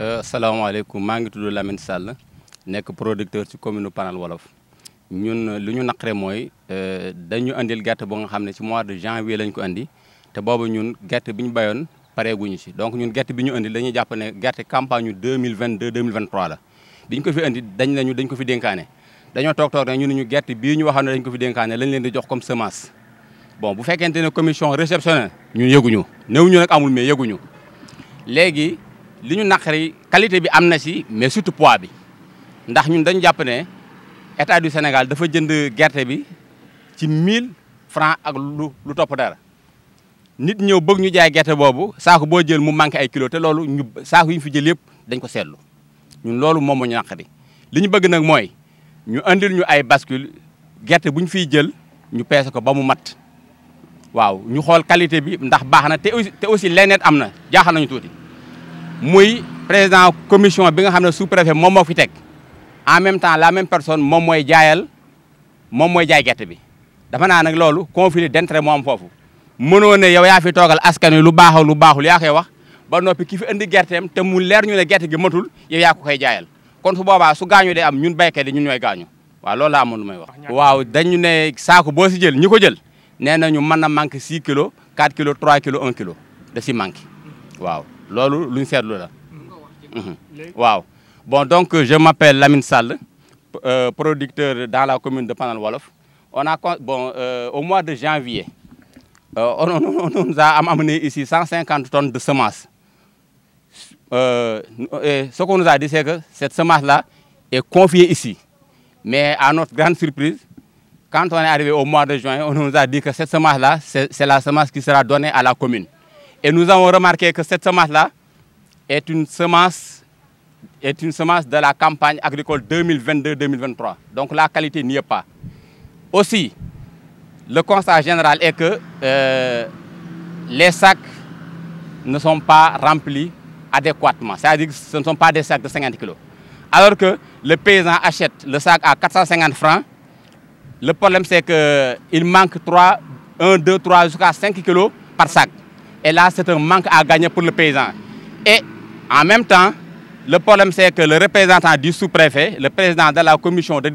Euh, salaamaaleykum maa ngi tudd Lamine Sall nekk producteur ci commune Panel Wolof ñun lu ñu naqare mooy euh, dañu andil gerte boo nga xam ne ci mois de janvier lañ ko andi te boobu ñun gerte bi ñu bayoon pareeguñu ci donc ñun gerte bi ñu andi dañuy jàpp ne gerte campagne 2022 2023 la bi ñu ko fi andi dañ nañu dañ ko fi dénkaane dañoo toog toog ne ñu ñu gerte bii ñu waxoon ne dañ ko fi dénkaane lañ leen di jox comme semence bon bu fekkente ne commission réceptionnelle ñun yëguñu néew ñu nag amul mais yëguñu léegi li ñu naqari qualité bi am na si mais surtout pois bi ndax ñun dañu jàpp ne état du Sénégal dafa jënd gerte bi ci 1000 francs ak lu lu topp dara nit ñëw bëgg ñu jaay gerte boobu saako boo jël mu manqué ay kilo te loolu ñu saako yi ñu fi jël yëpp dañ ko seetlu ñun loolu moom moo ñu naqari li ñu bëgg nag mooy ñu andil ñu ay bascule gerte bu ñu fiy jël ñu peese ko ba mu mat waaw ñu xool qualité bi ndax baax na te aussi te aussi leneen am na jaaxal nañu tuuti. muy président commission bi nga xam ne sous préfet moom moo fi teg en même temps la même personne moom moo jaayal moom mooy jaay gerte bi dafa naa nag loolu conflit dentre moom am foofu mënoo ne yow yaa toogal askan wi lu baaxul lu baaxul yaa koy wax ba noppi ki fi indi gerteem te mu leer ñu ne gerte gi matul yow yaa ko koy jaayal kon su boobaa su gaañu day am ñun béykat yi ñun ñooy gaañu waaw loolu la amoon lu may wax waaw dañu ne saako boo si jël ñi ko jël nee nañu mën na manqué 6 kilos 4 kilos 3 kilos 1 kilo da si manqué Mm-hmm. Mm-hmm. bon donc je m'appelle Lamine Sal, euh, producteur dans la commune de Panal on euh, au mois de janvier euh, on, nous a amené ici 150 tonnes de semences ce qu'on nous a dit c'est que cette semence là est confiée ici mais à notre grande surprise quand on est arrivé au mois de juin on nous a dit que cette semence là c'est la semence qui sera donnée à la commune et nous avons remarqué que cette semence-là est une semence est une semence de la campagne agricole 2022-2023. Donc la qualité n'y est pas. Aussi, le constat général est que euh, les sacs ne sont pas remplis adéquatement. C'est-à-dire que ce ne sont pas des sacs de 50 kg. Alors que les paysan achètent le sac à 450 francs, le problème c'est qu'il manque 3, 1, 2, 3 jusqu'à 5 kg par sac. Et là, c'est un manque à gagner pour le paysan. Et en même temps, le problème, c'est que le représentant du sous-préfet, le président de la commission de,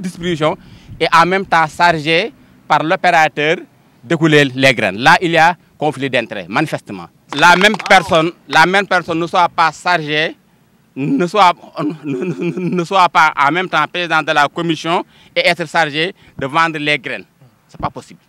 distribution, est en même temps chargé par l'opérateur de couler les graines. Là, il y a conflit d'intérêts, manifestement. La même, ah. personne, la même personne ne soit pas chargée, ne soit, ne, soit pas en même temps président de la commission et être chargé de vendre les graines. Ce n'est pas possible.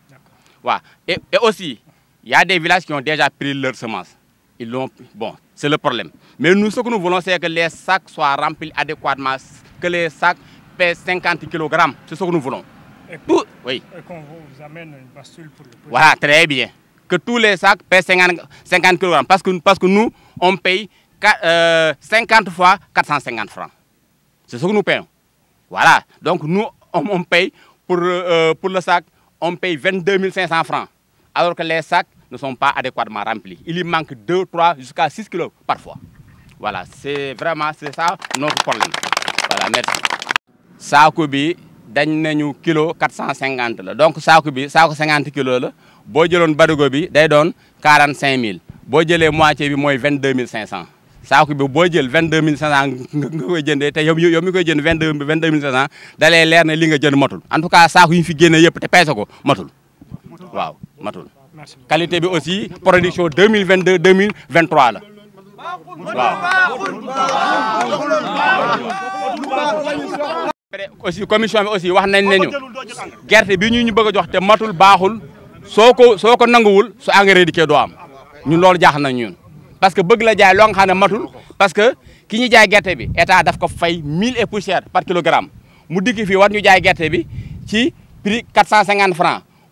Voilà. et aussi, il y a des villages qui ont déjà pris leur semences. Ils l'ont. Bon, c'est le problème. Mais nous, ce que nous voulons, c'est que les sacs soient remplis adéquatement, que les sacs pèsent 50 kg. C'est ce que nous voulons. Et qu'on vous amène une bastule pour le Voilà, très bien. Que tous les sacs pèsent 50, kg. Parce que, parce que nous, on paye 50 euh, fois 450 francs. C'est ce que nous payons. Voilà. Donc nous, on, paye pour, euh, pour le sac, on paye 22 500 francs. Alors que les sacs, ne sont pas adéquatement remplis. Il y manque 2, 3, jusqu'à 6 kilos parfois. Voilà, c'est vraiment c'est ça notre problème. Voilà, merci. saako bi dañ kilo 450 la donc saako bi saako 50 kilos la boo un barigo bi day doon 45000 boo jëlee moitié bi mooy 22500 saako bi boo jël 22500 nga koy jëndee te a 22 500 da lay leer ne li nga jënd matul en tout cas saako yi ñu fi génnee yëpp te peese ko matul waaw matul. qualité bi aussi production 2022 2023 la aussi commission bi aussi wax nañ nañu guerte bi ñu ñu bëgg jox te matul baxul soko ko soo ko nanguwul su engrais dikkee doo am ñun lool jax nañ ñun parce que bëgg la jaay lo nga xam matul parce que ki ñi jaay guerte bi état daf ko fay 1000 et poussière par kilogramme mu dikki fi war ñu jaay guerte bi ci prix 450 francs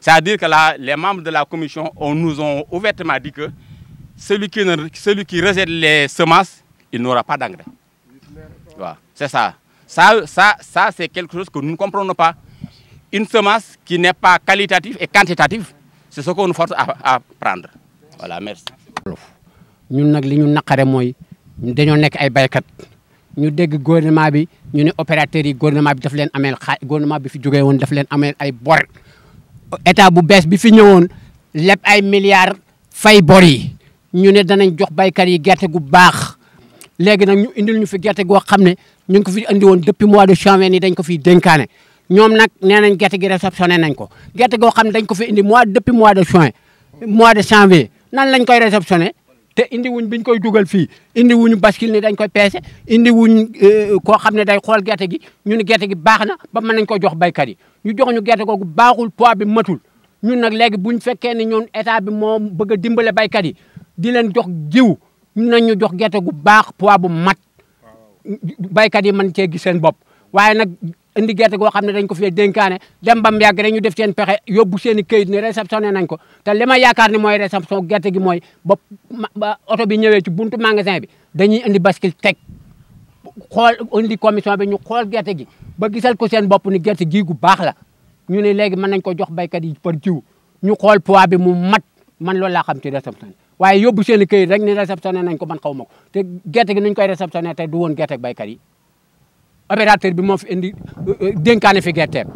c'est-à-dire que les membres de la commission on nous ont ouvertement dit que celui qui celui qui rejette les semences il n'aura pas d'engrais c'est ça ça ça ça c'est quelque chose que nous ne comprenons pas une semence qui n'est pas qualitative et quantitative c'est ce qu'on nous force à à prendre voilà merci. Nous, avons li des naqare mooy dañoo nekk ay baykat ñu dégg gouvernement nous ñu des opérateurs yi gouvernement des daf leen sommes gouvernement bi fi des woon état bu bees bi fi ñëwoon leb ay milliards fay bor yi ñu ne danañ jox baykat yi gerte gu baax léegi nag ñu indil ñu fi gerte goo xam ne ñu ngi ko fi indi woon depuis mois de janvier nii dañ ko fiy dénkaane ñoom nag nee nañ gerte gi réceptionné nañ ko gerte goo xam ne dañ ko fi indi mois depuis mois de juin mois de janvier nan lañ koy réceptionné te indi wuñ biñ koy dugal fii indi wuñu bascule ni dañ koy peese indi wuñ euh, koo xam ne day xool gerte gi ñu ne gerte gi baax na ba mën nañ ko jox baykat yi ñu jox ñu gerte googu baaxul poids bi matul ñun nag léegi buñ fekkee ne ñun état bi moo bëgg a dimbale baykat yi di leen jox jiw ñu nañ ñu jox gerte gu baax poids bu mat baykat yi mën cee gis seen bopp waaye indi gerte goo xam ne dañ ko fee dénkaane dem ba ñu def seen pexe yóbbu seen i këyit ne réceptionné nañ ko te li ma yaakaar ne mooy réception gerte gi mooy ba ba oto bi ñëwee ci buntu magasin bi dañuy indi bascule teg xool indi commission bi ñu xool gerte gi ba gisal ko seen bopp ni gerte gii gu baax la ñu ne léegi mën nañ ko jox baykat yi par jiw ñu xool poids bi mu mat man loolu laa xam ci réception waaye yóbbu seen i këyit rek ni réceptionné nañ ko man xaw ma ko te gerte gi nuñ koy réceptionné te du woon gerte baykat yi opérateur bi moo fi indi euh, euh, dénkaane fi gerteem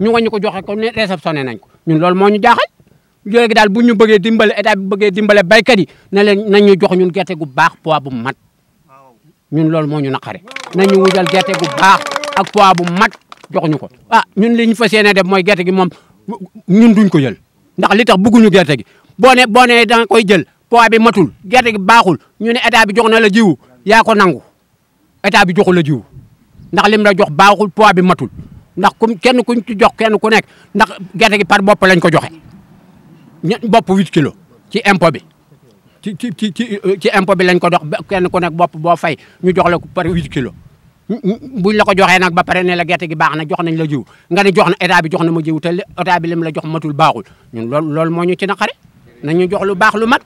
ñu nga ñu ko joxe ko ne réceptionné nañ ko ñun loolu moo ñu jaaxal léegi daal bu ñu bëggee dimbale état bi bëggee dimbale béykat yi ne leen nañ ñu jox ñun gerte gu baax poids bu mat ñun loolu moo ñu naqare nañu wujal gerte gu baax ak poids bu mat jox ñu ko ah ñun li ñu fas yéene def mooy gerte gi moom ñun duñ ko jël ndax li tax bëgguñu gerte gi boo ne boo ne danga koy jël poids bi matul gerte gi baaxul ñu ne état bi jox na la jiwu yaa ko nangu état bi joxu la jiwu ndax lim la jox baaxul poids bi matul ndax kum kenn kuñ ci jox kenn ku nekk ndax gerte gi par bopp lañ ko joxe ña bopp 8 kilos ci impôt bi ci ci ci ci euh, impôt bi lañ ko dox kenn ku nekk bopp boo fay ñu jox la ko par 8 kilos buñ la ko joxee nag ba pare ne la gerte gi baax na jox nañ la jiw nga ne jox na état bi jox na ma jiw te bi lim la jox matul baaxul ñun loolu loolu moo ñu ci naqare nañu jox lu baax lu mat.